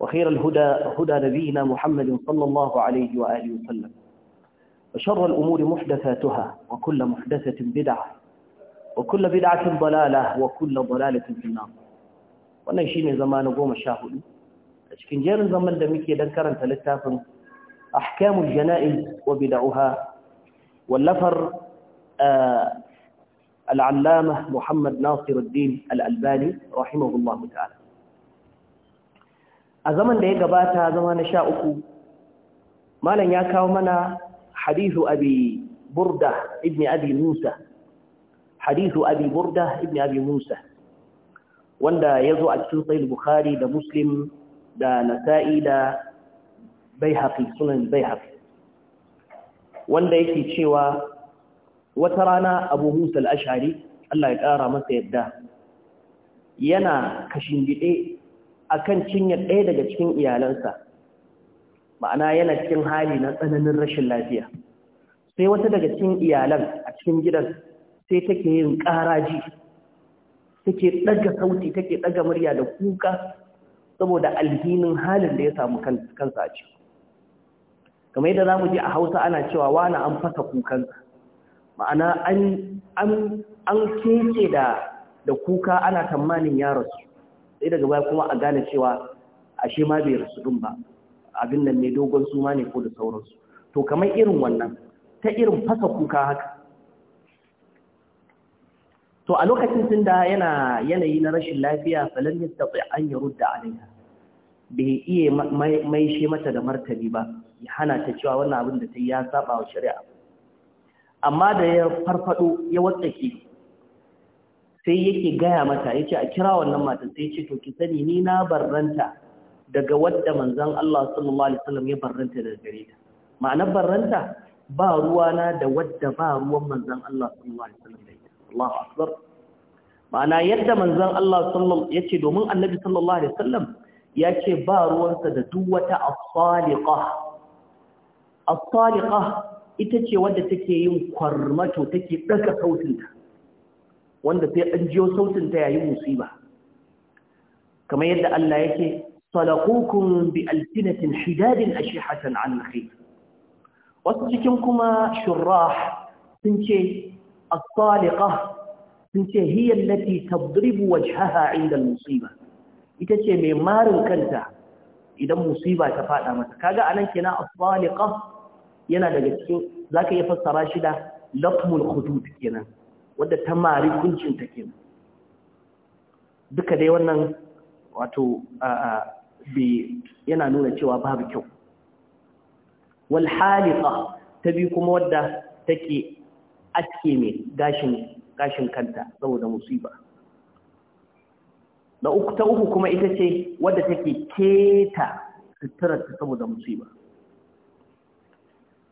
وخير الهدى هدى نبينا محمد صلى الله عليه وآله وسلم وشر الأمور محدثاتها وكل محدثة بدعة وكل بدعة ضلالة وكل ضلالة في النار wannan shine zamanin goma sha hudu a cikin jerin zaman da muke dan karanta littafin ahkamul jana'iz wa bid'uha wallafar al-allama Muhammad Nasiruddin al-Albani rahimahullahu ta'ala a zaman da ya gabata zama na sha uku malam ya kawo mana hadithu abi burda ibn abi musa hadithu abi burda ibn abi musa wanda ya zo a cikin sahih bukhari da muslim da nasa'i da baihaqi sunan baihaqi wanda yake cewa wata rana abu musa al-ash'ari Allah ya ƙara masa yadda yana kashin gide akan cinye ɗaya daga cikin iyalansa ma'ana yana cikin hali na tsananin rashin lafiya sai wata daga cikin iyalan a cikin gidan sai take yin ƙaraji take ɗaga sauti take ɗaga murya da kuka saboda alhinin halin da ya samu kansa a ciki kamar yadda za mu ji a hausa ana cewa wani an fasa kukansa ma'ana an kece da kuka ana tamanin yaro rasu sai daga baya kuma a gane cewa ashe ma bai rasu ɗin ba abin nan ne dogon ma ne ko da sauransu to kamar irin wannan ta irin fasa kuka haka to a lokacin tun da yana yanayi na rashin lafiya falon yastati an ya rudda alaiha bai iya mai shi mata da martani ba ya hana ta cewa wannan abin da ta yi ya saba wa shari'a amma da ya farfado ya ke. sai yake gaya mata yace a kira wannan matan sai ce to ki sani ni na barranta daga wadda manzan Allah sallallahu alaihi wasallam ya barranta daga gare ta ma'anar barranta ba ruwa na da wadda ba ruwan manzan Allah sallallahu alaihi wasallam da ita Allahu akbar ma'ana yadda manzan Allah sallallahu ce domin annabi sallallahu alaihi wasallam ce ba ruwansa da duk wata as-saliqa as-saliqa ita ce wadda take yin kwarmato take daga sautinta wanda sai an jiyo sautin ta yayin musiba kamar yadda Allah yake salakukum bi alsinatin hidadin ashihatan an alkhair wasu cikin kuma shurrah sun ce as-saliqah sun ce hiya allati tadribu wajhaha 'inda al-musiba ita ce mai marin kanta idan musiba ta fada mata kaga anan kenan as-saliqah yana daga cikin zaka iya fassara shi da lafmul hudud kenan wadda ta mari kuncin ta ke duka dai wannan wato yana nuna cewa babu kyau wal haliqa ta bi kuma wadda take aske mai gashin gashin kanta saboda musiba da uku ta uku kuma ita ce wadda take keta suturarta saboda musiba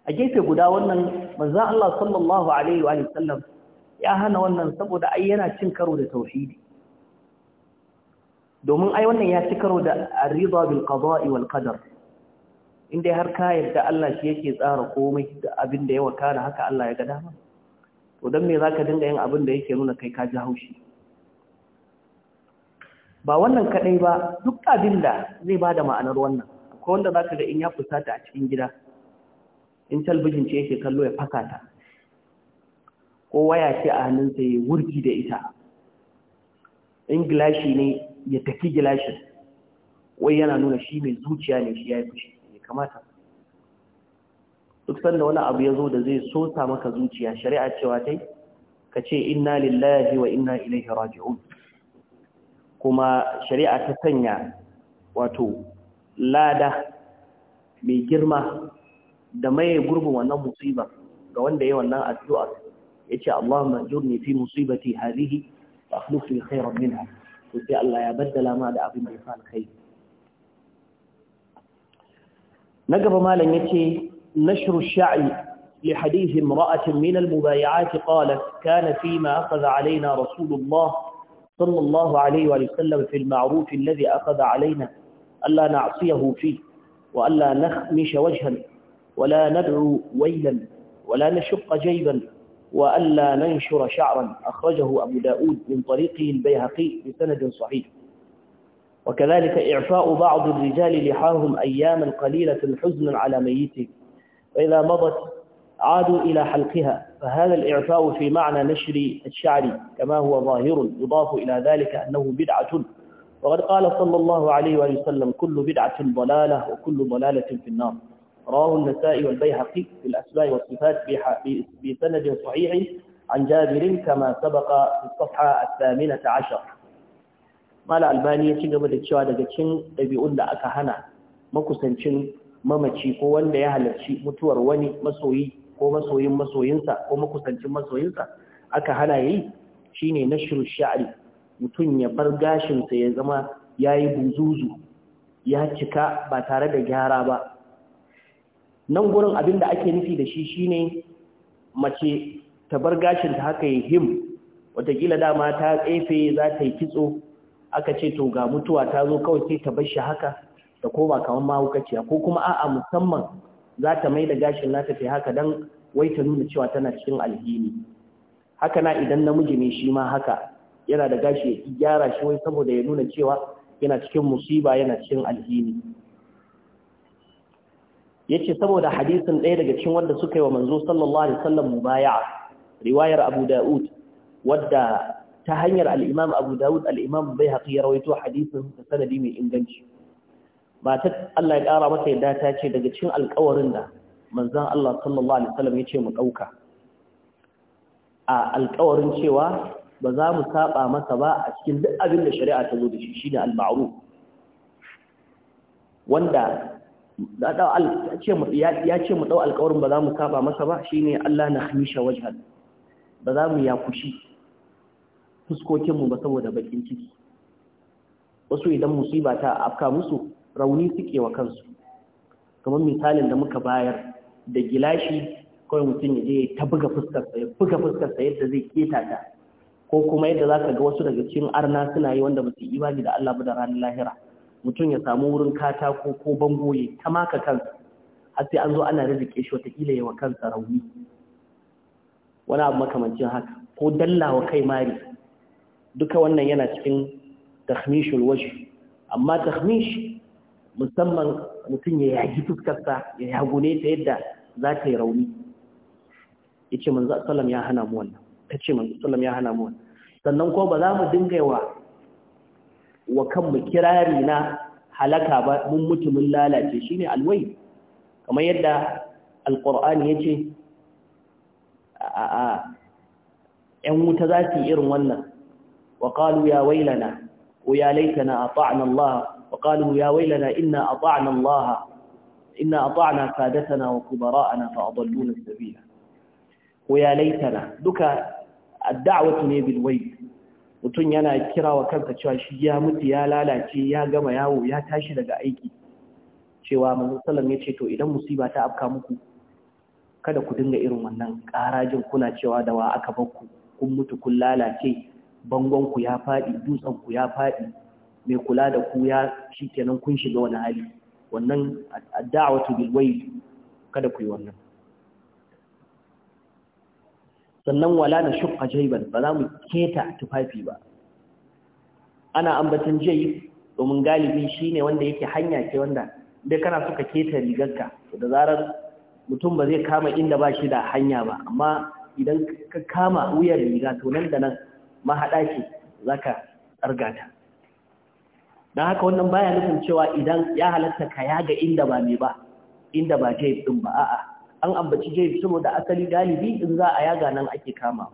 a gefe guda wannan manzo Allah sallallahu Alaihi wa sallam ya hana wannan saboda ai yana cin karo da tauhidi domin ai wannan ya ci karo da ar-ridha bil qada'i wal qadar inda har ka yarda Allah shi yake tsara komai da abin da ya wakana haka Allah ya ga dama to dan me zaka dinga yin abin da yake nuna kai ka ji haushi ba wannan kadai ba duk abin da zai bada ma'anar wannan akwai wanda zaka ga in ya fusata a cikin gida in talbijin ce yake kallo ya faka ta ko waya ce a hannunsa ya wurgi da ita in gilashi ne ya tafi gilashin wai yana nuna shi mai zuciya ne shi ya yi fushi ne kamata duk sanda wani abu ya zo da zai sosa maka zuciya shari'a cewa ta yi, ka ce inna lillahi wa inna ilaihi raji'un kuma shari'a ta sanya wato lada mai girma da maye gurbin wannan musibar ga wanda ya yi wannan addu'a إن شاء الله ما جرني في مصيبتي هذه فأخلف لي خيرا منها قلت يا الله يا بدل ما دعا في مرفان خير ما مالا يتي نشر الشعي لحديث امرأة من المبايعات قالت كان فيما أخذ علينا رسول الله صلى الله عليه وسلم في المعروف الذي أخذ علينا ألا نعصيه فيه وألا نخمش وجها ولا ندعو ويلا ولا نشق جيبا وألا ننشر شعرا أخرجه أبو داود من طريقه البيهقي بسند صحيح وكذلك إعفاء بعض الرجال لحاهم أياما قليلة حزنا على ميته فإذا مضت عادوا إلى حلقها فهذا الإعفاء في معنى نشر الشعر كما هو ظاهر يضاف إلى ذلك أنه بدعة وقد قال صلى الله عليه وسلم كل بدعة ضلالة وكل ضلالة في النار رواه bil والبيهقي في الأسماء والصفات بسند صحيح عن جابر كما سبق في الصفحة الثامنة عشر مال الباني يتجب للشهادة كتشن ɗabi'un da aka hana makusancin mamaci ko wanda ya halarci mutuwar wani masoyi ko masoyin masoyinsa ko makusancin masoyinsa aka hana yayi shine nashru sha'ri mutum ya bar gashinsa ya zama yayi buzuzu ya cika ba tare da gyara ba nan gurin abin da ake nufi da shi shine mace ta bar gashin ta haka yi him watakila dama ta tsefe za ta yi kitso aka ce to ga mutuwa ta zo kawai sai ta bar shi haka ta koma kamar mahaukaciya ko kuma a'a musamman za ta mai da gashin nata ta haka don wai ta nuna cewa tana cikin alhini haka na idan namiji ne shi ma haka yana da gashi ya gyara shi wai saboda ya nuna cewa yana cikin musiba yana cikin alhini yace saboda hadisin ɗaya daga cikin wanda suka yi wa manzo sallallahu alaihi wasallam mubaya'a riwayar Abu Da'ud wadda ta hanyar al-Imam Abu Da'ud al-Imam Baihaqi ya rawaito hadisin da sanadi mai inganci matar Allah ya ƙara mata yadda ta ce daga cikin alƙawarin da manzon Allah sallallahu alaihi wasallam yace mu dauka a alƙawarin cewa ba za mu saba masa ba a cikin duk abin da shari'a ta zo da shi shine al-ma'ruf wanda ya ce mu ɗau alƙawarin ba za mu saba masa ba shine Allah na khamisha wajhan ba za mu yakushi fuskokin mu ba saboda bakin ciki wasu idan musiba ta afka musu rauni suke wa kansu kamar misalin da muka bayar da gilashi kawai mutum ya je ta buga fuskarsa ya buga fuskarsa yadda zai keta ta ko kuma yadda za ka ga wasu daga cikin arna suna yi wanda ba su imani da Allah ba da ranar lahira mutum ya samu wurin katako ko bango ta maka kansa har sai an zo ana rizike shi watakila yawa kansa rauni wani abu makamancin haka ko dallawa kai mari duka wannan yana cikin takhmishul wajh amma takhmish musamman mutum ya yagi fuskarsa ya yagune ta yadda za ta yi rauni yace manzo sallam ya hana mu wannan tace manzo sallam ya hana mu wannan sannan ko ba za mu dinga yawa wa kanmu kirari na halaka ba mun mutumin lalace shi ne alwai kamar yadda alqur'ani ya ce a yan wuta za su irin wannan wa qalu ya wailana ko ya laitana ata'na Allah wa qalu ya wailana inna ata'na Allah inna ata'na sadatana wa kubara'ana fa adalluna sabila ko ya laitana duka ad-da'watu ne bil mutum yana kira wa kansa cewa shi ya mutu ya lalace ya gama yawo ya tashi daga aiki cewa musulun ya ce to idan musiba ta afka muku kada ku dinga irin wannan karajin kuna cewa da wa aka bar ku kun mutu kun lalace bangon ku ya faɗi dutsen ku ya faɗi mai kula da ku ya kenan kun shiga wani hali wannan da'awatu bil kada ku yi wannan sannan wala na shukka jaiban ba za mu keta tufafi ba ana ambatan jai domin galibi shi ne wanda yake hanya ke wanda dai kana suka keta rigarka da zarar mutum ba zai kama inda ba shi da hanya ba amma idan ka kama wuyar riga to nan da nan mahaɗa ce za ka tsargata don haka wannan baya nufin cewa idan ya halatta ka yaga inda ba mai ba inda ba jai ɗin ba a'a an ambaci jayi saboda asali galibi in za a yaga nan ake kama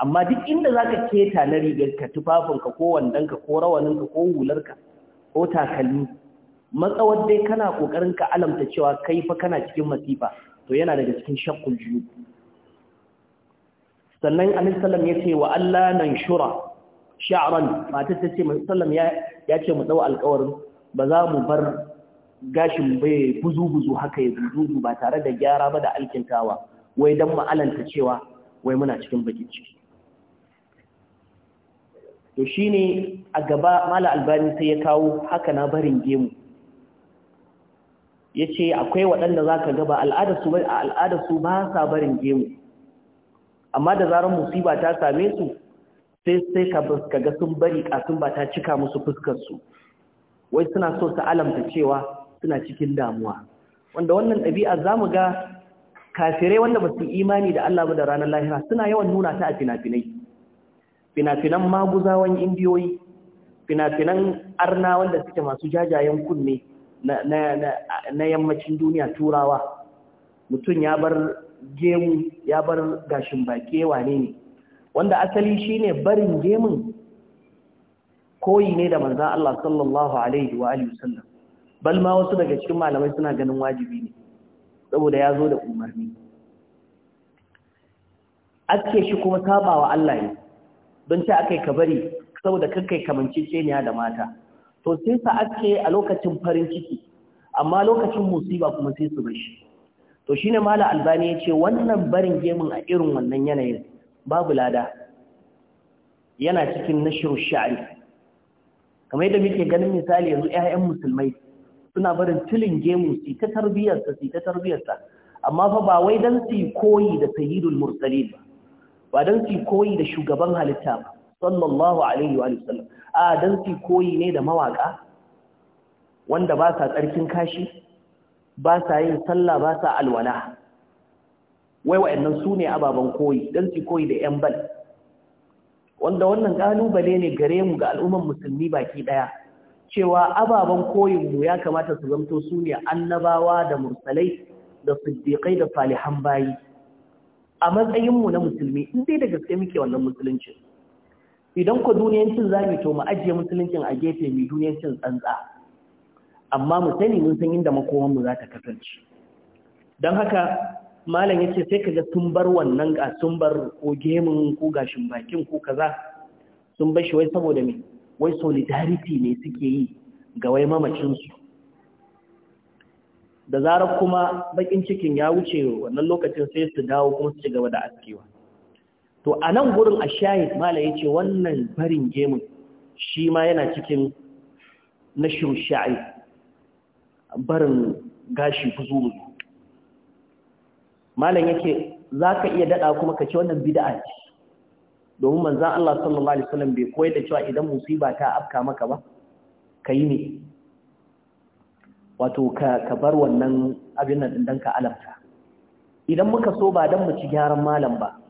amma duk inda za ka keta na rigar tufafin tufafinka ko wandonka ko rawaninka ko hularka ko takalmi matsawar dai kana ƙoƙarin ka alamta cewa kai fa kana cikin masifa to yana daga cikin shakkul juyu sannan annabi sallam ya ce wa Allah nan shura sha'ran ta ce manzo sallam ya ce mu dau alkawarin, ba za mu bar gashin bai buzu-buzu haka ya buzu ba tare da gyara ba da alkintawa wai don ma'alanta cewa wai muna cikin bakin ciki to shi ne a gaba mala albani sai ya kawo haka na barin gemu ya ce akwai waɗanda za ka gaba al'adarsu ba sa barin gemu amma da zarar musiba ta same su sai sai ka ga sun bari ƙasun ba ta cika musu fuskarsu wai suna so ta alamta cewa suna cikin damuwa wanda wannan ɗabi'a za mu ga kafirai wanda ba su imani da Allah ba da ranar lahira suna yawan nuna ta a fina-finai fina-finan maguzawan indiyoyi fina-finan arna wanda suke masu jajayen kunne na yammacin duniya turawa mutum ya bar gemu ya bar gashin baki wane ne wanda asali shi ne barin gemun koyi ne da manzan Allah sallallahu alaihi wa’alihi wasallam bal ma wasu daga cikin malamai suna ganin wajibi ne saboda ya zo da umarni Ake shi kuma sabawa Allah ne don ta akai ka bari saboda ce kamanceceniya da mata to sai sa ake a lokacin farin ciki amma lokacin musiba kuma sai su bashi to shine mala albani yace wannan barin gemun a irin wannan yanayin babu lada yana cikin nashru sha'ari kamar yadda muke ganin misali yanzu ƴaƴan musulmai suna barin tilin gemu su ta tarbiyarsa su ta tarbiyarsa amma fa ba wai dan su koyi da sayyidul mursalin ba ba dan su koyi da shugaban halitta ba sallallahu alaihi wa sallam a dan su koyi ne da mawaka wanda ba sa tsarkin kashi ba sa yin sallah ba sa alwala wai wa'annan su ne ababen koyi dan su koyi da yan bal wanda wannan kalubale ne gare mu ga al'umman musulmi baki daya cewa ababen koyinmu ya kamata su zamto su ne annabawa da mursalai da siddiƙai da salihan bayi a matsayinmu na musulmi in dai da gaske muke wannan musulunci idan ku duniyancin zami to mu ajiye musuluncin a gefe mai duniyancin tsantsa amma mu sani mun san inda makomanmu za ta kasance don haka malam ya ce sai ka ga sun bar wannan ga sun bar ko gemin ko gashin bakin ko kaza sun bar shi wai saboda me wai solidarity ne suke yi ga wai mamacinsu da zarar kuma bakin cikin ya wuce wannan lokacin sai su dawo kuma su ci gaba da askewa to a nan gurin a shahid mala ya ce wannan barin gemun shi ma yana cikin na shusha'i barin gashi fuzu malam yake za ka iya daɗa kuma ka ce wannan bida'a ce domin manzan Allah sallallahu Alaihi wasallam bai koyar da cewa idan musiba ta afka maka ba ka yi ne wato ka bar wannan abin nan don ka alamta idan muka so ba don mu ci gyaran malam ba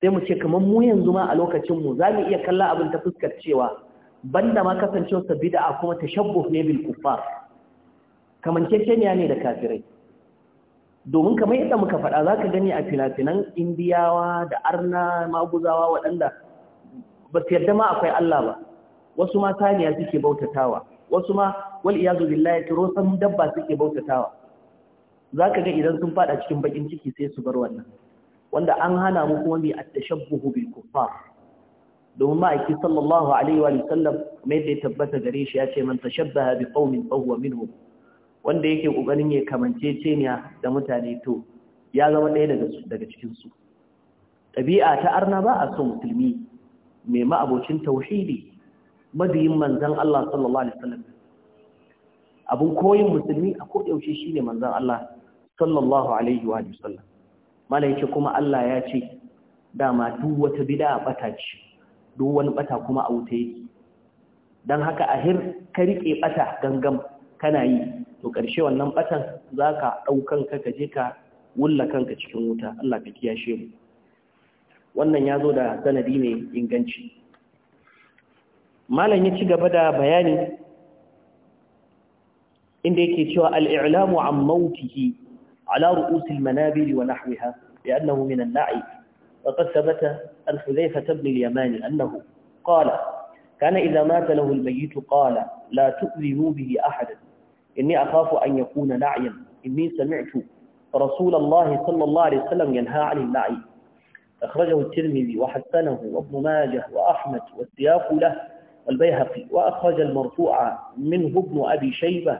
sai mu ce kamar mu yanzu ma a lokacinmu za mu iya kalla abin ta fuskar cewa banda ma sabida a kuma tashabbuh ne bil kuffar kamanceceniya ne da kafirai domin kamar yadda muka faɗa za ka gani a finafinan indiyawa da arna maguzawa waɗanda ba su yarda ma akwai Allah ba wasu ma saniya suke bautatawa wasu ma wal iyazu billahi turo san dabba suke bautatawa za ka ga idan sun faɗa cikin bakin ciki sai su bar wannan wanda an hana mu kuma mai attashabbuhu bil kuffar domin ma'aiki sallallahu alaihi wa sallam kamar yadda ya tabbata gare shi ya ce man tashabbaha bi qaumin fa huwa minhum wanda yake kokarin ya kamance ceniya da mutane to ya zama ɗaya daga cikinsu ɗabi'a ta arna ba a so musulmi mai ma'abocin tauhidi mabiyin manzan Allah sallallahu alaihi wasallam abun koyin musulmi a ko yaushe shine manzan Allah sallallahu alaihi wa sallam malai yake kuma Allah ya ce dama duk wata bid'a bata ce duk wani bata kuma a wuta yake dan haka a hir ka rike ɓata gangam kana yi to ƙarshe wannan batan za ka ɗaukan ka je ka wulla kanka cikin wuta Allah ka kiyashe mu wannan ya zo da sanadi mai inganci malam ya ci gaba da bayani inda yake cewa al'i'lamu an mautihi ala ru'usil manabiri wa nahwiha ya annahu min al-la'i wa qad thabata an hudhayfa ibn al annahu qala kana idha mata lahu al-mayyit qala la tu'minu bihi ahadan إني أخاف أن يكون لعيا إني سمعت رسول الله صلى الله عليه وسلم ينهى عن اللعي أخرجه الترمذي وحسنه وابن ماجه وأحمد والسياق له والبيهقي وأخرج المرفوع منه ابن أبي شيبة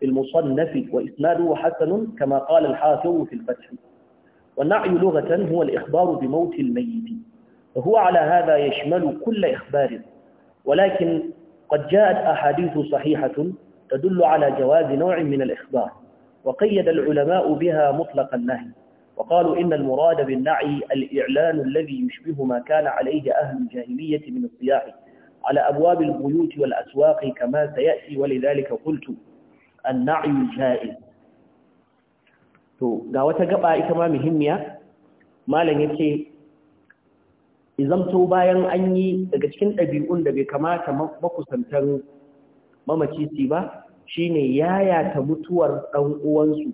في المصنف وإسناده حسن كما قال الحافظ في الفتح والنعي لغة هو الإخبار بموت الميت وهو على هذا يشمل كل إخبار ولكن قد جاءت أحاديث صحيحة تدل على جواز نوع من الإخبار وقيد العلماء بها مطلق النهي وقالوا إن المراد بالنعي الإعلان الذي يشبه ما كان عليه أهل الجاهلية من الصياح على أبواب البيوت والأسواق كما سيأتي ولذلك قلت النعي الجائز to ga wata gaba ita ma muhimmiya malam yace mamaci ba shine yayata mutuwar ɗan uwansu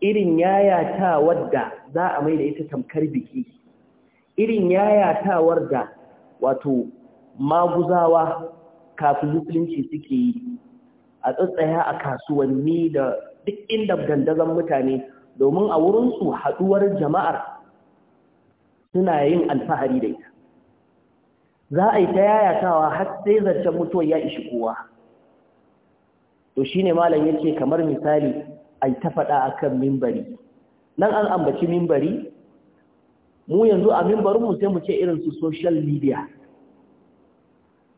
irin yayatawar da za a mai da ita tamkar biki irin yayatawar da wato maguzawa kafin musulunci suke yi a tsatsaya a kasuwanni da duk inda dandazon mutane domin a wurinsu haɗuwar jama'ar suna yin alfahari da ita za a yi ta yayatawa har sai zancen mutuwar ya ishi kowa to shine malam yace kamar misali a ta faɗa a kan mimbari nan an ambaci mimbari mu yanzu a mimbarinmu sai mu ce irin su social media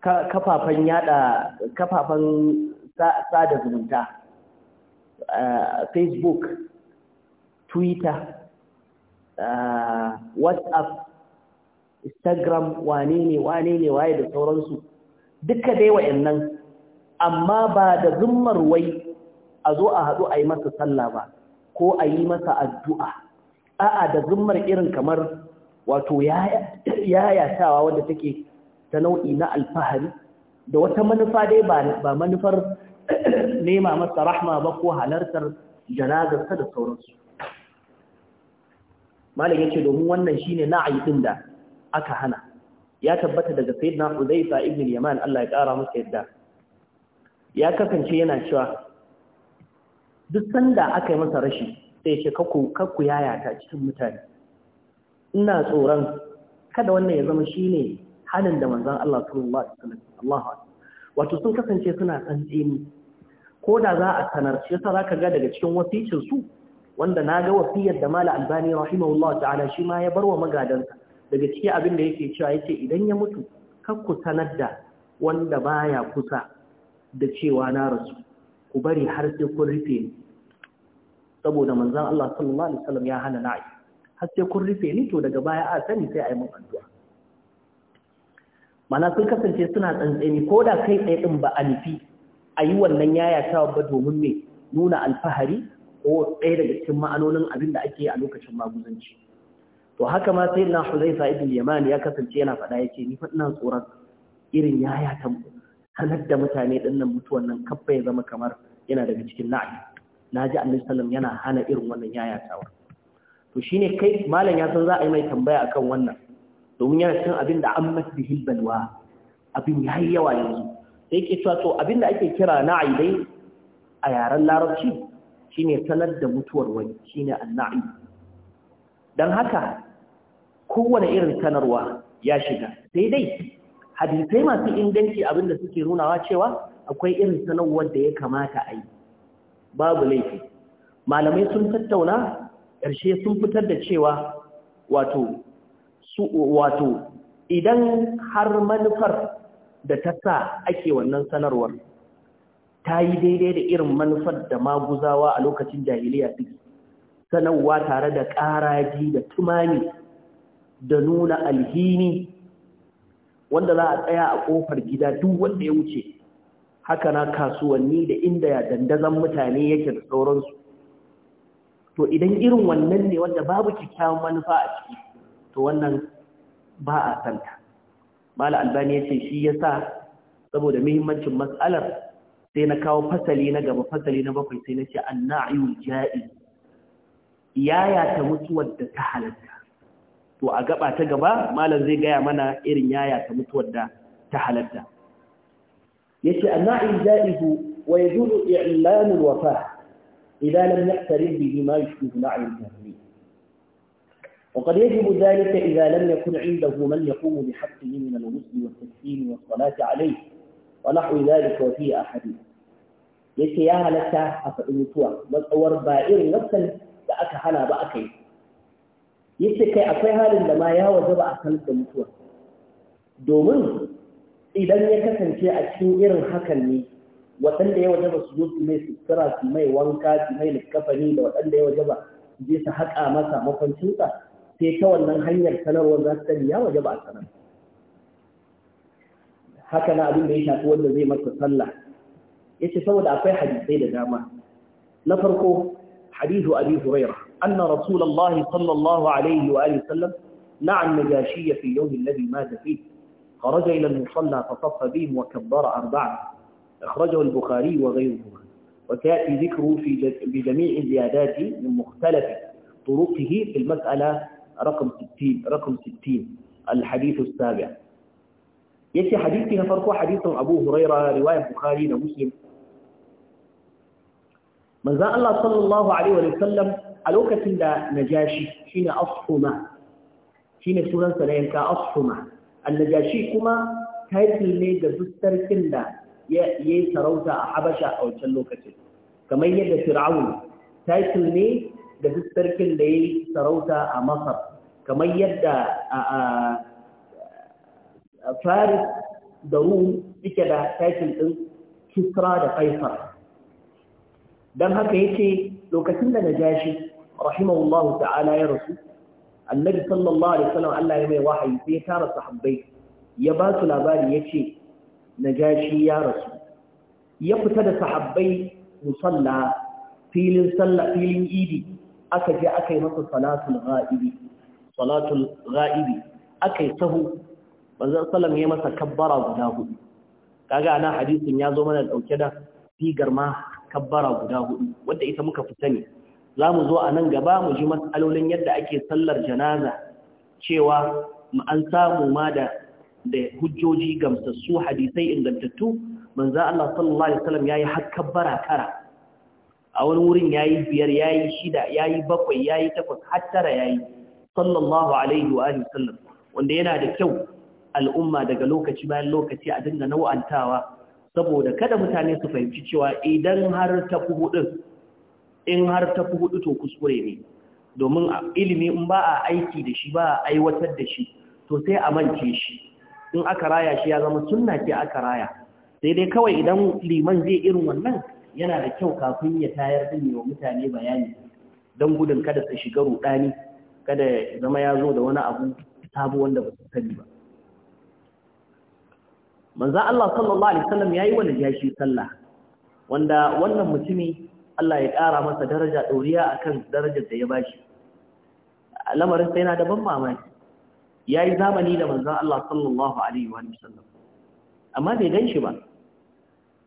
kafafen yada kafafen sada zumunta eh, facebook twitter eh, whatsapp instagram wane ne wane ne waye da sauransu duka dai nan. amma ba da zummar wai a zo a haɗu a yi masa sallah ba ko a yi masa addu'a a'a da zummar irin kamar wato yayatawa wanda take ta nau'i na alfahari da wata manufa dai ba manufar nema masa rahma ba ko halartar janazarsa da sauransu malam yace domin wannan shi shine na din da aka hana ya tabbata daga na huzaifa ibn yaman Allah ya kara masa yadda ya kasance yana cewa duk sanda aka yi masa rashi sai ya ce kakku ta cikin mutane ina tsoron kada wannan ya zama shi ne halin da manzan Allah sallallahu wato sun kasance suna san tsantsini ko da za a sanar shi yasa zaka ga daga cikin wasicin su wanda na ga wasiyar da Malam Albani rahimahullah ta'ala shi ma ya barwa magadansa daga cikin abin da yake cewa yace idan ya mutu kakku sanar da wanda baya kusa da cewa na rasu ku bari har sai kun rufe ni saboda manzon Allah sallallahu alaihi wasallam ya hana na'i har sai kun rufe ni to daga baya a sani sai a yi mun addu'a mana sun kasance suna tsantseni ko da kai tsaye din ba a nufi a yi wannan yayatawa ba domin me nuna alfahari ko ɗaya daga cikin ma'anonin abin da ake a lokacin maguzanci to haka ma sai na Huzaifa ibn Yaman ya kasance yana faɗa yake ni fa ina tsoron irin yaya tambo sanar da mutane ɗin nan mutuwan nan kabba ya zama kamar yana daga cikin la'ayi na ji annabi sallam yana hana irin wannan yayatawa to shine kai malam ya san za a yi mai tambaya akan wannan domin yana cikin abin da an masu bihil balwa abin ya yi yawa yanzu sai ke cewa to abin da ake kira na'i dai a yaren larabci shine sanar da mutuwar wani shine annabi don haka kowane irin sanarwa ya shiga sai dai hadisai masu inganci abinda suke nunawa cewa akwai irin sanarwar da ya kamata a yi babu laifi malamai sun tattauna ƙarshe sun fitar da cewa wato su wato idan har manufar da ta sa ake wannan sanarwar ta yi daidai da irin manufar da maguzawa a lokacin jahiliya suke sanarwa tare da ƙaraji da tumani da nuna alhini wanda za a tsaya a kofar gida duk wanda ya wuce haka na kasuwanni da inda ya dandazan mutane yake da sauransu to idan irin wannan ne wanda babu kyakkyawan manufa a ciki to wannan ba a santa mala albani ya ce shi ya sa saboda muhimmancin matsalar sai na kawo fasali na gaba fasali na bakwai sai na ce an na'ayu ja'i yaya ta mutuwar da ta halatta to a gaba ta gaba malam zai gaya mana irin yaya ta mutuwar da ta halatta yace anna'i ja'izu wa yajuzu i'lan al-wafa lam yaqtarib bihi ma yushbihu na'i al-jahmi وقد يجب ذلك إذا لم يكن عنده من يقوم بحقه من الغسل والتسليم والصلاة عليه ونحو ذلك وفيه أحاديث yake ya halatta a faɗi mutuwa matsawar ba irin wancan da aka hana ba akai yi yake kai akwai halin da ma ya waje ba a sanar da mutuwa domin idan ya kasance a cikin irin hakan ne waɗanda ya waje ba su zo su mai sutura su mai wanka su mai likafani da waɗanda ya ba su je su haƙa masa makwancinsa sai ta wannan hanyar sanarwar za su sani ya ba a sanar haka na abin da ya shafi wanda zai masa sallah ce saboda akwai hadisai da dama na farko hadisu abi hurairah أن رسول الله صلى الله عليه وآله وسلم نعى النجاشية في اليوم الذي مات فيه خرج إلى المصلى فصف بهم وكبر أربعة أخرجه البخاري وغيرهما وتأتي ذكره في بجميع زياداته من مختلف طرقه في المسألة رقم 60 رقم 60 الحديث السابع يأتي حديثنا فرق حديث أبو هريرة رواية البخاري ومسلم من ذا الله صلى الله عليه وسلم a lokacin da najashi shine ashuma shine sunansa na yanka ashuma annajashi kuma title ne ga duk sarkin da ya yi sarauta a habasha a wancan lokacin kamar yadda fir'aun title ne da sarkin da ya yi sarauta a masar kamar yadda faris da rum suke da title ɗin kisra da kaisar don haka yake lokacin da najashi rahimahullahu ta'ala ya rasu annabi sallallahu alaihi wasallam Allah ya mai wahayi sai ya tara sahabbai ya ba su labari yace najashi ya rasu ya fita da sahabbai musalla filin sallah aka je aka yi masa salatul ghaibi salatul ghaibi aka yi sahu manzon sallam ya masa kabbara guda hudu kaga ana hadisin ya zo mana ɗauke da sigar ma kabbara guda huɗu. wanda ita muka fita ne za mu zo a nan gaba mu ji matsalolin yadda ake sallar janaza cewa an samu ma da hujjoji gamsassu hadisai ingantattu za Allah sallallahu alaihi wasallam yayi hakkabara kara a wani wurin yayi biyar yayi shida yayi bakwai yayi takwas har tara yayi sallallahu alaihi wa alihi wasallam wanda yana da kyau al'umma daga lokaci bayan lokaci a dinga nau'antawa saboda kada mutane su fahimci cewa idan har ta kuhu in har ta fi hudu to kuskure ne domin ilimi in ba a aiki da shi ba a aiwatar da shi to sai a mance shi in aka raya shi ya zama sunna ce aka raya sai dai kawai idan liman zai irin wannan yana da kyau kafin ya tayar din wa mutane bayani don gudun kada su shiga rudani kada zama ya zo da wani abu sabu wanda ba su sani ba manzo Allah sallallahu alaihi wasallam yayi wani jashi sallah wanda wannan mutumi Allah ya ƙara masa daraja ɗoriya a kan darajar da ya ba shi. lamarin sai na da ban mamaki yi zamani da manzan Allah sallallahu alaihi wa sallam amma bai ganshi ba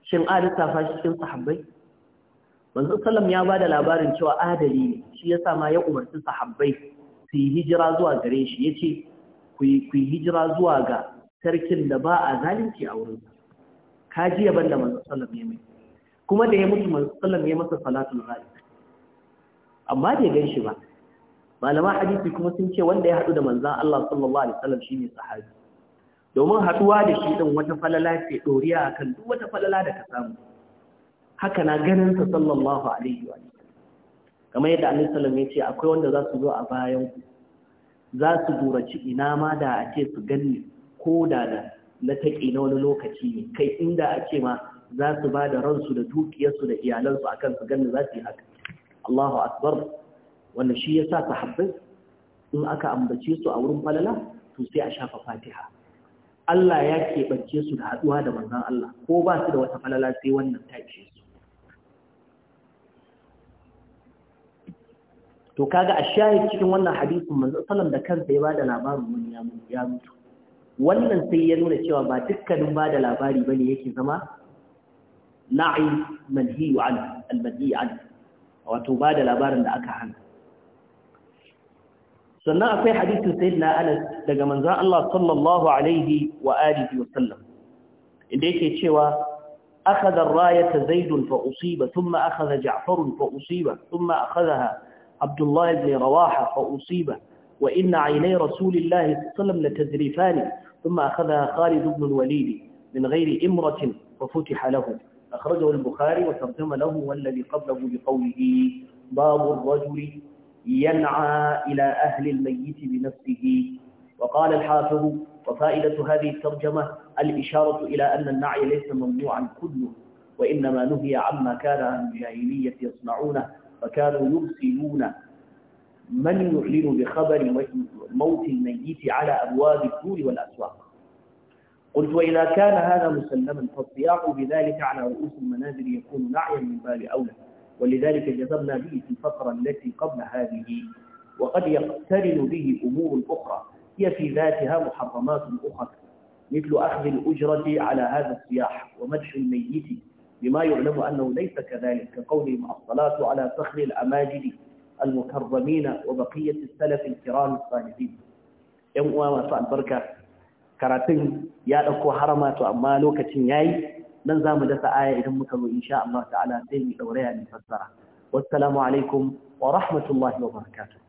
shin adi ta fashi cikin sahabbai Manzan sallam ya ba da labarin cewa adali ne shi yasa ma ya umarci sahabbai su yi hijira zuwa gare shi ya ce ku yi hijira zuwa ga sarkin da ba a zalunci a wurinsa ji yaban da manzan sallam ya mai kuma da ya mutu manzo ya masa salatun ghaib amma bai gan shi ba malama hadisi kuma sun ce wanda ya haɗu da manzan Allah sallallahu alaihi wasallam ne sahabi domin haɗuwa da shi ɗin wata falala ce a akan duk wata falala da ka samu haka na ganin sa sallallahu alaihi kamar yadda ya ce akwai wanda za su zo a bayan ku za su ina ma da a ce su ganni ko da na taƙi na wani lokaci ne kai inda ake ma za su ba da ransu da dukiyarsu da iyalansu a kansu ganin za su yi haka Allahu akbar wanda shi ya sa sahabbai in aka ambace su a wurin falala to sai a shafa fatiha Allah ya keɓance su da haɗuwa da manzan Allah ko ba su da wata falala sai wannan ta ishe su to kaga a shahid cikin wannan hadisin manzan salam da kansa ya ba da labarin wani ya mutu wannan sai ya nuna cewa ba dukkanin bada labari ba ne yake zama na'i manhi an almanhi an wato ba da labarin da aka hana sannan akwai hadisin sayyidina Anas daga manzon Allah sallallahu alaihi wa alihi wa sallam inda yake cewa akhadha ar-rayata Zaid fa usiba thumma akhadha Ja'far fa usiba thumma akhadha Abdullah ibn Rawaha fa usiba wa inna 'aynay rasulillah sallallahu alaihi wa sallam latazrifani thumma akhadha Khalid ibn al-Walid imratin fa futiha lahu أخرجه البخاري وترجم له والذي قبله بقوله باب الرجل ينعى إلى أهل الميت بنفسه وقال الحافظ وفائدة هذه الترجمة الإشارة إلى أن النعي ليس ممنوعا كله وإنما نهي عما كان عن الجاهلية يصنعونه فكانوا يرسلون من يعلن بخبر موت الميت على أبواب الدور والأسواق قلت وإذا كان هذا مسلما فالسياق بذلك على رؤوس المنازل يكون نعيا من باب أولى ولذلك جذبنا به في الفقرة التي قبل هذه وقد يقترن به أمور أخرى هي في ذاتها محرمات أخرى مثل أخذ الأجرة على هذا السياح ومدح الميت بما يعلم أنه ليس كذلك كقولهم الصلاة على فخر الأماجد المكرمين وبقية السلف الكرام الصالحين يوم أمام البركة karatun ya ɗauko harama to amma lokacin yayi za zamu dasa aya idan muka zo insha Allah ta'ala sai mu dauraya mai fassara wassalamu alaikum wa rahmatullahi wa barakatuh